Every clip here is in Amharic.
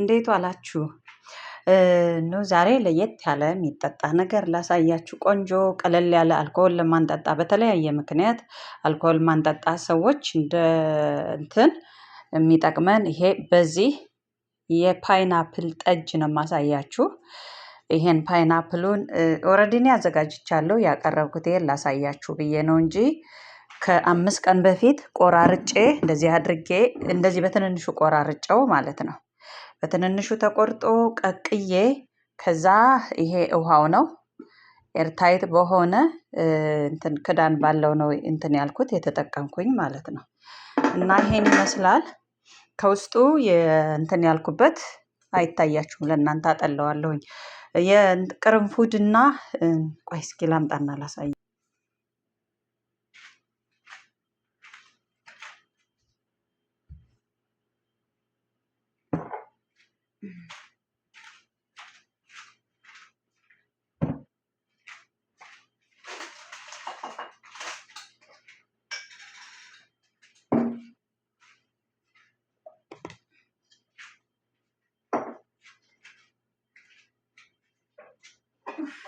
እንዴት ዋላችሁ? ኑ ዛሬ ለየት ያለ የሚጠጣ ነገር ላሳያችሁ። ቆንጆ ቀለል ያለ አልኮል ለማንጠጣ በተለያየ ምክንያት አልኮል ማንጠጣ ሰዎች እንደ እንትን የሚጠቅመን ይሄ በዚህ የፓይናፕል ጠጅ ነው የማሳያችሁ። ይሄን ፓይናፕሉን ኦረዲን እኔ አዘጋጅቻለሁ። ያቀረብኩት ይሄን ላሳያችሁ ብዬ ነው እንጂ ከአምስት ቀን በፊት ቆራርጬ እንደዚህ አድርጌ እንደዚህ በትንንሹ ቆራርጨው ማለት ነው በትንንሹ ተቆርጦ ቀቅዬ ከዛ ይሄ ውሃው ነው ኤርታይት በሆነ እንትን ክዳን ባለው ነው እንትን ያልኩት የተጠቀምኩኝ ማለት ነው። እና ይሄን ይመስላል ከውስጡ እንትን ያልኩበት አይታያችሁም። ለእናንተ አጠለዋለሁኝ የቅርንፉድና ቆይ እስኪ ላምጣና ላሳይ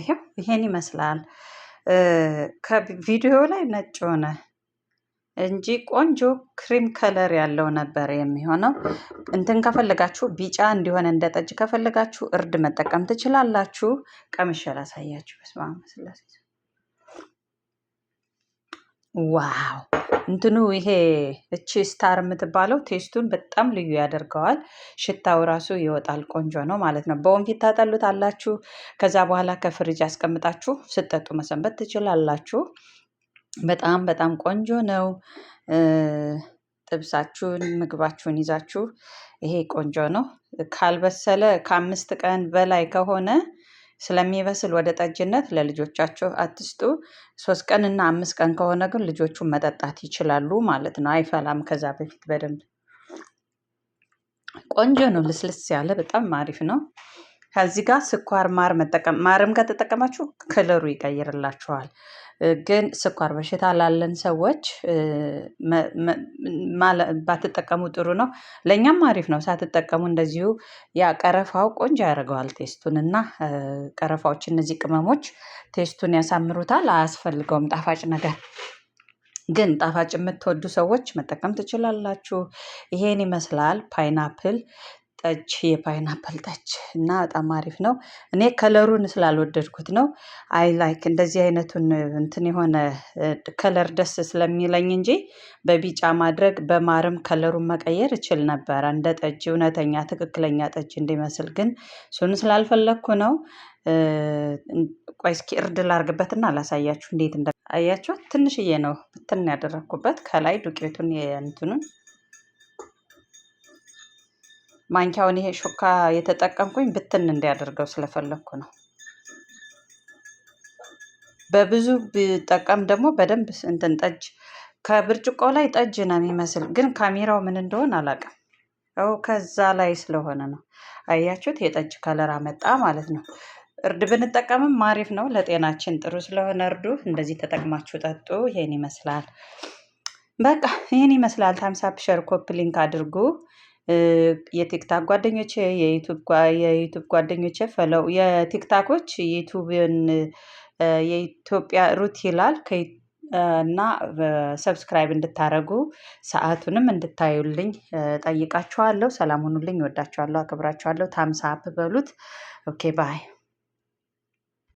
ይሄው ይሄን ይመስላል። ከቪዲዮ ላይ ነጭ ሆነ እንጂ ቆንጆ ክሪም ከለር ያለው ነበር የሚሆነው። እንትን ከፈለጋችሁ ቢጫ እንዲሆን እንደ ጠጅ ከፈለጋችሁ እርድ መጠቀም ትችላላችሁ። ቀምሼ ላሳያችሁ። በስመ አብ ዋው እንትኑ ይሄ እቺ ስታር የምትባለው ቴስቱን በጣም ልዩ ያደርገዋል። ሽታው ራሱ ይወጣል። ቆንጆ ነው ማለት ነው። በወንፊት ታጠሉት አላችሁ። ከዛ በኋላ ከፍሪጅ አስቀምጣችሁ ስጠጡ መሰንበት ትችላላችሁ። በጣም በጣም ቆንጆ ነው። ጥብሳችሁን ምግባችሁን ይዛችሁ ይሄ ቆንጆ ነው። ካልበሰለ ከአምስት ቀን በላይ ከሆነ ስለሚበስል ወደ ጠጅነት ለልጆቻቸው አትስጡ። ሶስት ቀን እና አምስት ቀን ከሆነ ግን ልጆቹን መጠጣት ይችላሉ ማለት ነው። አይፈላም ከዛ በፊት በደንብ ቆንጆ ነው። ልስልስ ያለ በጣም አሪፍ ነው። ከዚህ ጋር ስኳር፣ ማር መጠቀም ማርም ከተጠቀማችሁ ከለሩ ይቀይርላችኋል። ግን ስኳር በሽታ ላለን ሰዎች ባትጠቀሙ ጥሩ ነው። ለእኛም አሪፍ ነው ሳትጠቀሙ እንደዚሁ ያ ቀረፋው ቆንጆ ያደርገዋል ቴስቱን እና ቀረፋዎች እነዚህ ቅመሞች ቴስቱን ያሳምሩታል አያስፈልገውም ጣፋጭ ነገር። ግን ጣፋጭ የምትወዱ ሰዎች መጠቀም ትችላላችሁ። ይሄን ይመስላል ፓይናፕል ጠጅ የፓይናፕል ጠጅ እና በጣም አሪፍ ነው። እኔ ከለሩን ስላልወደድኩት ነው። አይ ላይክ እንደዚህ አይነቱን እንትን የሆነ ከለር ደስ ስለሚለኝ እንጂ በቢጫ ማድረግ በማርም ከለሩን መቀየር እችል ነበረ እንደ ጠጅ እውነተኛ ትክክለኛ ጠጅ እንዲመስል ግን እሱን ስላልፈለግኩ ነው። ቆይ እስኪ እርድ ላርግበትና አላሳያችሁ እንዴት እንደ አያችሁት ትንሽዬ ነው ብትን ያደረግኩበት ከላይ ዱቄቱን የእንትኑን ማንኪያውን ይሄ ሹካ የተጠቀምኩኝ ብትን እንዲያደርገው ስለፈለግኩ ነው። በብዙ ብጠቀም ደግሞ በደንብ እንትን ጠጅ ከብርጭቆ ላይ ጠጅ ነው የሚመስል፣ ግን ካሜራው ምን እንደሆን አላውቅም። ያው ከዛ ላይ ስለሆነ ነው። አያችሁት? የጠጅ ከለር አመጣ ማለት ነው። እርድ ብንጠቀምም አሪፍ ነው፣ ለጤናችን ጥሩ ስለሆነ እርዱ እንደዚህ ተጠቅማችሁ ጠጡ። ይሄን ይመስላል። በቃ ይህን ይመስላል። ታምሳፕ ሸር አድርጉ። የቲክታክ ጓደኞች የዩቱብ ጓደኞች ፈለው የቲክታኮች ዩቱብን የኢትዮጵያ ሩት ይላል እና ሰብስክራይብ እንድታደረጉ ሰአቱንም እንድታዩልኝ ጠይቃችኋለሁ። ሰላም ሁኑልኝ እወዳችኋለሁ አከብራችኋለሁ። ታምስ አፕ በሉት። ኦኬ ባይ